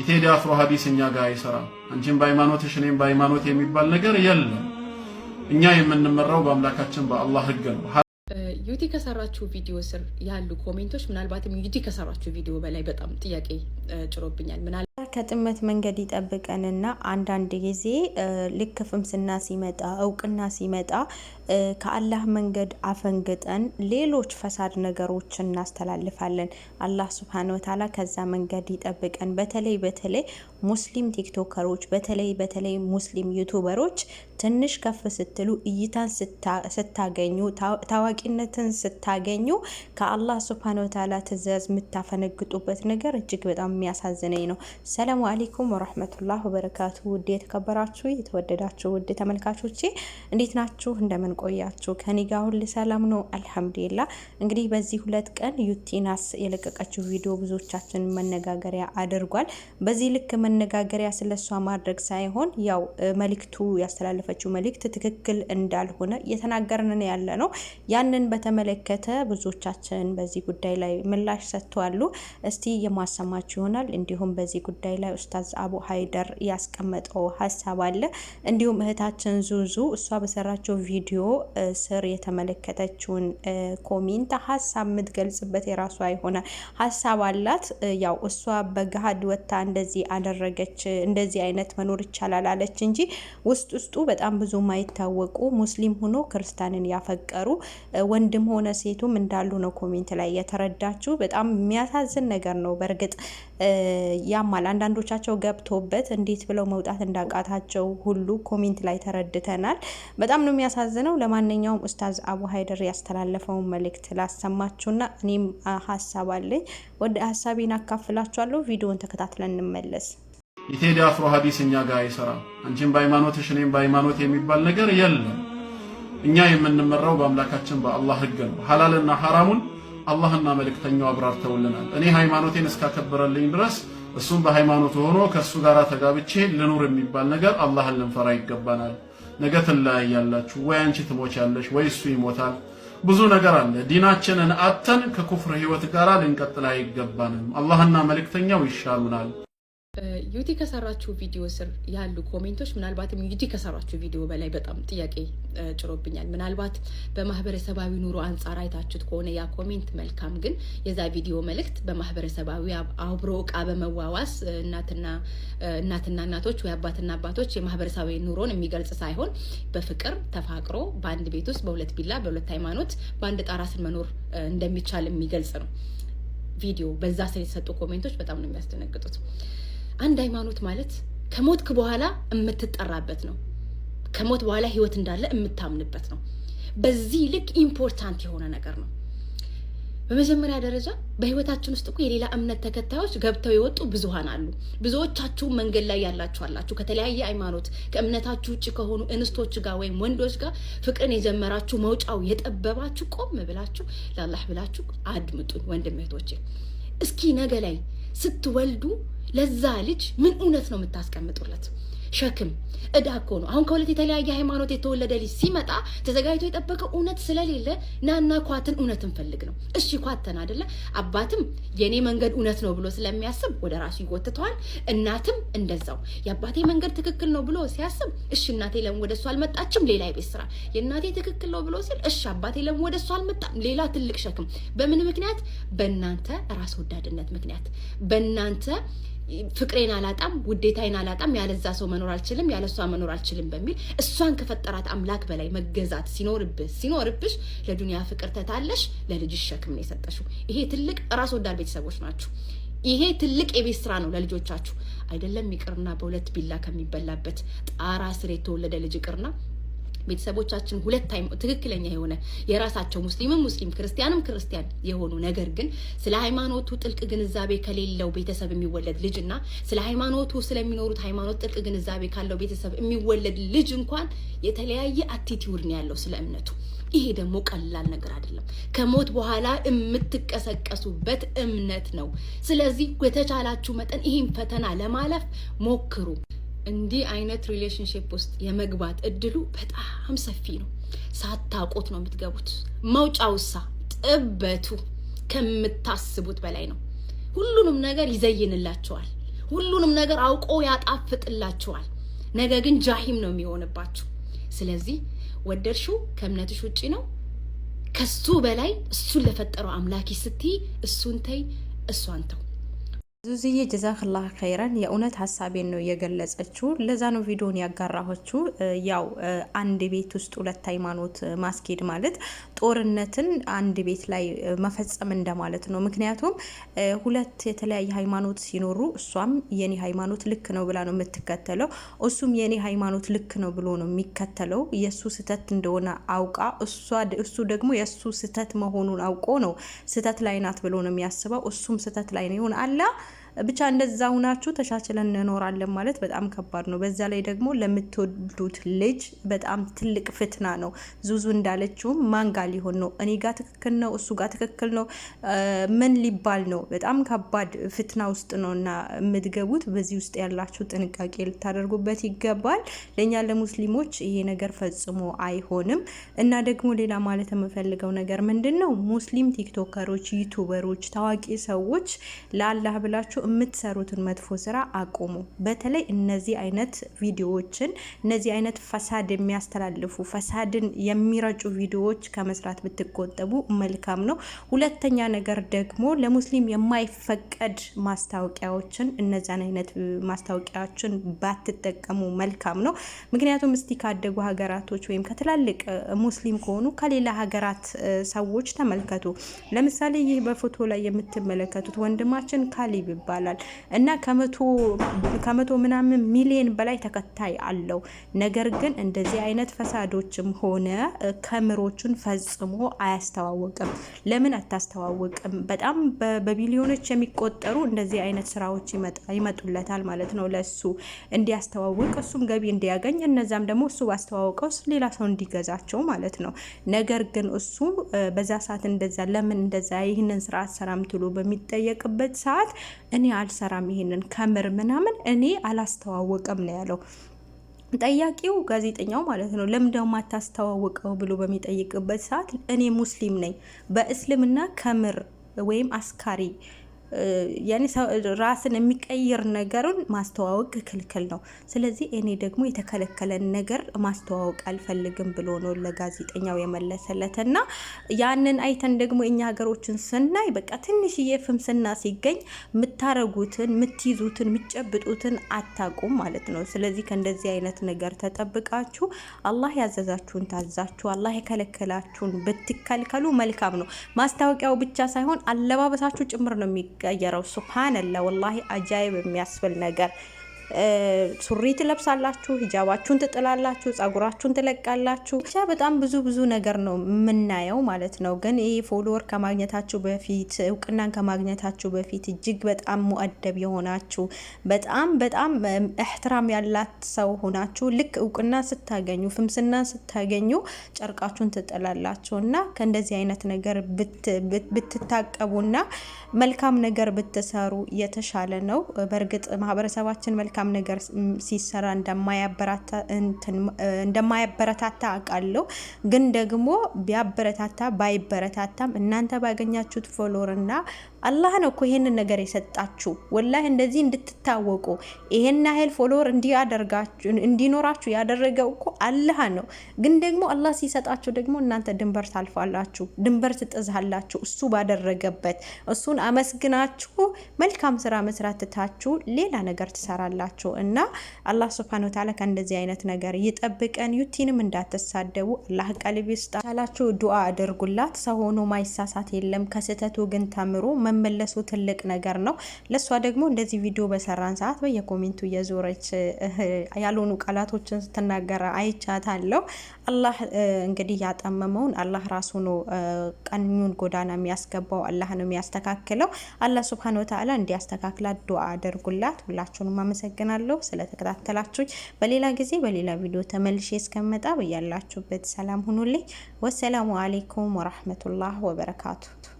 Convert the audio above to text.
የቴዲ አፍሮ ሀዲስ እኛ ጋር አይሰራም። አንቺም በሃይማኖትሽ እኔም በሃይማኖት የሚባል ነገር የለም። እኛ የምንመራው በአምላካችን በአላህ ህግ ነው። ዩቲ ከሰራችሁ ቪዲዮ ስር ያሉ ኮሜንቶች ምናልባትም ዩቲ ከሰራችሁ ቪዲዮ በላይ በጣም ጥያቄ ጭሮብኛል። ከጥመት መንገድ ይጠብቀንና አንዳንድ ጊዜ ልክ ፍምስና ሲመጣ እውቅና ሲመጣ ከአላህ መንገድ አፈንግጠን ሌሎች ፈሳድ ነገሮች እናስተላልፋለን። አላህ ስብሃነ ወተዓላ ከዛ መንገድ ይጠብቀን። በተለይ በተለይ ሙስሊም ቲክቶከሮች፣ በተለይ በተለይ ሙስሊም ዩቱበሮች ትንሽ ከፍ ስትሉ እይታን ስታገኙ ታዋቂነትን ስታገኙ ከአላህ ስብሃነ ወተዓላ ትእዛዝ የምታፈነግጡበት ነገር እጅግ በጣም የሚያሳዝነኝ ነው። ሰላሙ አሌይኩም ወረህመቱላህ ወበረካቱ። ውድ የተከበራችሁ የተወደዳችሁ ውድ ተመልካቾቼ እንዴት ናችሁ? እንደምን ቆያችሁ? ከኔ ሁል ሰላም ነው አልሐምዱላ እንግዲህ በዚህ ሁለት ቀን ዩቲናስ የለቀቀችው ቪዲዮ ብዙዎቻችን መነጋገሪያ አድርጓል። በዚህ ልክ መነጋገሪያ ስለሷ ማድረግ ሳይሆን ያው መልክቱ ያስተላልፋል ያስተላለፈችው መልእክት ትክክል እንዳልሆነ እየተናገርን ያለ ነው። ያንን በተመለከተ ብዙዎቻችን በዚህ ጉዳይ ላይ ምላሽ ሰጥተዋሉ። እስቲ የማሰማችሁ ይሆናል። እንዲሁም በዚህ ጉዳይ ላይ ኡስታዝ አቡ ሀይደር ያስቀመጠው ሀሳብ አለ። እንዲሁም እህታችን ዙዙ እሷ በሰራቸው ቪዲዮ ስር የተመለከተችውን ኮሜንት ሀሳብ የምትገልጽበት የራሷ የሆነ ሀሳብ አላት። ያው እሷ በገሀድ ወታ እንደዚህ አደረገች እንደዚህ አይነት መኖር ይቻላል አለች እንጂ ውስጥ ውስጡ በጣም ብዙ ማይታወቁ ሙስሊም ሆኖ ክርስቲያንን ያፈቀሩ ወንድም ሆነ ሴቱም እንዳሉ ነው ኮሜንት ላይ የተረዳችሁ። በጣም የሚያሳዝን ነገር ነው። በእርግጥ ያማል። አንዳንዶቻቸው ገብቶበት እንዴት ብለው መውጣት እንዳቃታቸው ሁሉ ኮሜንት ላይ ተረድተናል። በጣም ነው የሚያሳዝነው። ለማንኛውም ኡስታዝ አቡ ሀይደር ያስተላለፈውን መልእክት ላሰማችሁና እኔም ሀሳብ አለኝ ወደ ሀሳቤን አካፍላችኋለሁ። ቪዲዮን ተከታትለን እንመለስ። የቴዲ አፍሮ ሀዲስ እኛ ጋር አይሰራም። አንቺም በሃይማኖትሽ እኔም በሃይማኖት የሚባል ነገር የለም። እኛ የምንመራው በአምላካችን በአላህ ህግ ነው። ሐላልና ሐራሙን አላህና መልእክተኛው አብራርተውልናል። እኔ ሃይማኖቴን እስካከበረልኝ ድረስ እሱም በሃይማኖቱ ሆኖ ከእሱ ጋር ተጋብቼ ልኑር የሚባል ነገር አላህን ልንፈራ ይገባናል። ነገ ትለያያላችሁ፣ ወይ አንቺ ትሞቻለሽ፣ ወይ እሱ ይሞታል። ብዙ ነገር አለ። ዲናችንን አተን ከኩፍር ህይወት ጋር ልንቀጥል አይገባንም። አላህና መልእክተኛው ይሻሉናል። ዩቲ ከሰራችሁ ቪዲዮ ስር ያሉ ኮሜንቶች ምናልባትም ዩቲ ከሰራችሁ ቪዲዮ በላይ በጣም ጥያቄ ጭሮብኛል። ምናልባት በማህበረሰባዊ ኑሮ አንጻር አይታችሁት ከሆነ ያ ኮሜንት መልካም፣ ግን የዛ ቪዲዮ መልእክት በማህበረሰባዊ አብሮ እቃ በመዋዋስ እናትና እናትና እናቶች ወይ አባትና አባቶች የማህበረሰባዊ ኑሮን የሚገልጽ ሳይሆን በፍቅር ተፋቅሮ በአንድ ቤት ውስጥ በሁለት ቢላ በሁለት ሃይማኖት በአንድ ጣራ ስር መኖር እንደሚቻል የሚገልጽ ነው ቪዲዮ። በዛ ስር የተሰጡ ኮሜንቶች በጣም ነው የሚያስደነግጡት። አንድ ሃይማኖት ማለት ከሞትክ በኋላ የምትጠራበት ነው። ከሞት በኋላ ህይወት እንዳለ የምታምንበት ነው። በዚህ ልክ ኢምፖርታንት የሆነ ነገር ነው። በመጀመሪያ ደረጃ በህይወታችን ውስጥ እኮ የሌላ እምነት ተከታዮች ገብተው የወጡ ብዙሀን አሉ። ብዙዎቻችሁ መንገድ ላይ ያላችሁ አላችሁ። ከተለያየ ሃይማኖት ከእምነታችሁ ውጭ ከሆኑ እንስቶች ጋር ወይም ወንዶች ጋር ፍቅርን የጀመራችሁ መውጫው የጠበባችሁ፣ ቆም ብላችሁ ላላህ ብላችሁ አድምጡ ወንድም እህቶቼ። እስኪ ነገ ላይ ስትወልዱ ለዛ ልጅ ምን እውነት ነው የምታስቀምጡለት? ሸክም እዳ እኮ ነው። አሁን ከሁለት የተለያየ ሃይማኖት የተወለደ ልጅ ሲመጣ ተዘጋጅቶ የጠበቀው እውነት ስለሌለ ናና ኳትን እውነት እንፈልግ ነው። እሺ ኳተን አደለ? አባትም የእኔ መንገድ እውነት ነው ብሎ ስለሚያስብ ወደ ራሱ ይጎትተዋል። እናትም እንደዛው የአባቴ መንገድ ትክክል ነው ብሎ ሲያስብ፣ እሺ እናቴ ለምን ወደ እሱ አልመጣችም? ሌላ የቤት ስራ። የእናቴ ትክክል ነው ብሎ ሲል፣ እሺ አባቴ ለምን ወደ እሱ አልመጣም? ሌላ ትልቅ ሸክም። በምን ምክንያት? በእናንተ ራስ ወዳድነት ምክንያት በእናንተ ፍቅሬን አላጣም፣ ውዴታዬን አላጣም፣ ያለዛ ሰው መኖር አልችልም፣ ያለሷ መኖር አልችልም በሚል እሷን ከፈጠራት አምላክ በላይ መገዛት ሲኖርብህ ሲኖርብሽ ለዱንያ ፍቅር ተታለሽ ለልጅሽ ሸክም ነው የሰጠሽው። ይሄ ትልቅ ራስ ወዳድ ቤተሰቦች ናችሁ። ይሄ ትልቅ የቤት ስራ ነው ለልጆቻችሁ። አይደለም ይቅርና በሁለት ቢላ ከሚበላበት ጣራ ስር የተወለደ ልጅ ይቅርና ቤተሰቦቻችን ሁለት ትክክለኛ የሆነ የራሳቸው ሙስሊምም ሙስሊም ክርስቲያንም ክርስቲያን የሆኑ ነገር ግን ስለ ሃይማኖቱ ጥልቅ ግንዛቤ ከሌለው ቤተሰብ የሚወለድ ልጅ እና ስለ ሃይማኖቱ ስለሚኖሩት ሃይማኖት ጥልቅ ግንዛቤ ካለው ቤተሰብ የሚወለድ ልጅ እንኳን የተለያየ አቲቲዩድ ነው ያለው ስለ እምነቱ። ይሄ ደግሞ ቀላል ነገር አይደለም። ከሞት በኋላ የምትቀሰቀሱበት እምነት ነው። ስለዚህ የተቻላችሁ መጠን ይህን ፈተና ለማለፍ ሞክሩ። እንዲህ አይነት ሪሌሽንሽፕ ውስጥ የመግባት እድሉ በጣም ሰፊ ነው። ሳታውቁት ነው የምትገቡት። መውጫውሳ ጥበቱ ከምታስቡት በላይ ነው። ሁሉንም ነገር ይዘይንላቸዋል ሁሉንም ነገር አውቆ ያጣፍጥላቸዋል ነገ ግን ጃሂም ነው የሚሆንባችሁ። ስለዚህ ወደድሽው ከእምነትሽ ውጪ ነው። ከሱ በላይ እሱን ለፈጠረው አምላኪ ስትይ እሱን ተይ፣ እሷን ተው። ዙዝዬ ጀዛክላህ ከይረን የእውነት ሀሳቤን ነው የገለጸችው። ለዛ ነው ቪዲዮን ያጋራሆችው። ያው አንድ ቤት ውስጥ ሁለት ሃይማኖት ማስኬድ ማለት ጦርነትን አንድ ቤት ላይ መፈጸም እንደማለት ነው። ምክንያቱም ሁለት የተለያየ ሃይማኖት ሲኖሩ እሷም የኔ ሃይማኖት ልክ ነው ብላ ነው የምትከተለው፣ እሱም የኔ ሃይማኖት ልክ ነው ብሎ ነው የሚከተለው። የእሱ ስህተት እንደሆነ አውቃ እሱ ደግሞ የእሱ ስህተት መሆኑን አውቆ ነው ስህተት ላይ ናት ብሎ ነው የሚያስበው፣ እሱም ስህተት ላይ ነው ይሆን አላ ብቻ እንደዛ ሁናችሁ ተቻችለን እንኖራለን ማለት በጣም ከባድ ነው። በዛ ላይ ደግሞ ለምትወዱት ልጅ በጣም ትልቅ ፍትና ነው። ዙዙ እንዳለችውም ማን ጋ ሊሆን ነው? እኔ ጋ ትክክል ነው፣ እሱ ጋ ትክክል ነው፣ ምን ሊባል ነው? በጣም ከባድ ፍትና ውስጥ ነው እና የምትገቡት። በዚህ ውስጥ ያላችሁ ጥንቃቄ ልታደርጉበት ይገባል። ለእኛ ለሙስሊሞች ይሄ ነገር ፈጽሞ አይሆንም እና ደግሞ ሌላ ማለት የምፈልገው ነገር ምንድን ነው ሙስሊም ቲክቶከሮች፣ ዩቱበሮች፣ ታዋቂ ሰዎች ለአላህ ብላችሁ የምትሰሩትን መጥፎ ስራ አቁሙ። በተለይ እነዚህ አይነት ቪዲዮዎችን እነዚህ አይነት ፈሳድ የሚያስተላልፉ ፈሳድን የሚረጩ ቪዲዮዎች ከመስራት ብትቆጠቡ መልካም ነው። ሁለተኛ ነገር ደግሞ ለሙስሊም የማይፈቀድ ማስታወቂያዎችን እነዚያን አይነት ማስታወቂያዎችን ባትጠቀሙ መልካም ነው። ምክንያቱም እስቲ ካደጉ ሀገራቶች ወይም ከትላልቅ ሙስሊም ከሆኑ ከሌላ ሀገራት ሰዎች ተመልከቱ። ለምሳሌ ይህ በፎቶ ላይ የምትመለከቱት ወንድማችን ካሊብ ይባላል እና ከመቶ ምናምን ሚሊየን በላይ ተከታይ አለው። ነገር ግን እንደዚህ አይነት ፈሳዶችም ሆነ ከምሮቹን ፈጽሞ አያስተዋወቅም። ለምን አታስተዋወቅም? በጣም በቢሊዮኖች የሚቆጠሩ እንደዚህ አይነት ስራዎች ይመጡለታል ማለት ነው ለሱ እንዲያስተዋውቅ እሱም ገቢ እንዲያገኝ እነዛም ደግሞ እሱ ባስተዋወቀው ሌላ ሰው እንዲገዛቸው ማለት ነው። ነገር ግን እሱ በዛ ሰዓት እንደዛ ለምን እንደዛ ይህንን ስራ አትሰራም ትሎ በሚጠየቅበት ሰዓት እኔ አልሰራም ይሄንን ከምር ምናምን እኔ አላስተዋወቀም ነው ያለው። ጠያቂው ጋዜጠኛው ማለት ነው። ለምን ደግሞ አታስተዋውቀው ብሎ በሚጠይቅበት ሰዓት እኔ ሙስሊም ነኝ በእስልምና ከምር ወይም አስካሪ ራስን የሚቀይር ነገርን ማስተዋወቅ ክልክል ነው። ስለዚህ እኔ ደግሞ የተከለከለን ነገር ማስተዋወቅ አልፈልግም ብሎ ነው ለጋዜጠኛው የመለሰለት እና ያንን አይተን ደግሞ እኛ ሀገሮችን ስናይ በቃ ትንሽዬ ፍምስና ሲገኝ የምታረጉትን፣ የምትይዙትን፣ የምትጨብጡትን አታቁም ማለት ነው። ስለዚህ ከእንደዚህ አይነት ነገር ተጠብቃችሁ አላህ ያዘዛችሁን ታዛችሁ አላህ የከለከላችሁን ብትከልከሉ መልካም ነው። ማስታወቂያው ብቻ ሳይሆን አለባበሳችሁ ጭምር ነው የሚ የሚቀየረው። ሱብሃነላ ወላሂ አጃይብ የሚያስብል ነገር ሱሪ ትለብሳላችሁ፣ ሂጃባችሁን ትጥላላችሁ፣ ጸጉራችሁን ትለቃላችሁ። ብቻ በጣም ብዙ ብዙ ነገር ነው የምናየው ማለት ነው። ግን ይህ ፎሎወር ከማግኘታችሁ በፊት እውቅናን ከማግኘታችሁ በፊት እጅግ በጣም ሙአደብ የሆናችሁ በጣም በጣም እህትራም ያላት ሰው ሆናችሁ ልክ እውቅና ስታገኙ ፍምስና ስታገኙ ጨርቃችሁን ትጥላላችሁ እና ከእንደዚህ አይነት ነገር ብትታቀቡና መልካም ነገር ብትሰሩ የተሻለ ነው። በእርግጥ ማህበረሰባችን መልካም መልካም ነገር ሲሰራ እንደማያበረታታ አውቃለሁ። ግን ደግሞ ቢያበረታታ ባይበረታታም እናንተ ባገኛችሁት ፎሎወር እና አላህ ነው እኮ ይሄንን ነገር የሰጣችሁ። ወላህ እንደዚህ እንድትታወቁ ይሄን ያህል ፎሎወር እንዲኖራችሁ ያደረገው እኮ አላህ ነው። ግን ደግሞ አላህ ሲሰጣችሁ ደግሞ እናንተ ድንበር ታልፋላችሁ፣ ድንበር ትጥዛላችሁ። እሱ ባደረገበት እሱን አመስግናችሁ መልካም ስራ መስራት ትታችሁ ሌላ ነገር ትሰራላችሁ እና አላህ ሱብሃነሁ ወተዓላ ከእንደዚህ አይነት ነገር ይጠብቀን። ዩቲንም እንዳትሳደቡ አላህ ቀልብ ይስጣ። ዱአ አድርጉላት። ሰው ሆኖ ማይሳሳት የለም። ከስህተቱ ግን ተምሮ መመለሱ ትልቅ ነገር ነው። ለእሷ ደግሞ እንደዚህ ቪዲዮ በሰራን ሰዓት በየኮሜንቱ እየዞረች ያልሆኑ ቃላቶችን ስትናገረ አይቻታለሁ። አላህ እንግዲህ ያጠመመውን አላህ ራሱ ነው ቀኙን ጎዳና የሚያስገባው፣ አላህ ነው የሚያስተካክለው። አላህ ሱብሃነሁ ወተዓላ እንዲያስተካክላት ዱዓ አድርጉላት። ሁላችሁንም አመሰግናለሁ ስለተከታተላችሁኝ። በሌላ ጊዜ በሌላ ቪዲዮ ተመልሼ እስከመጣ በያላችሁበት ሰላም ሁኑልኝ። ወሰላሙ አሌይኩም ወራህመቱላህ ወበረካቱ።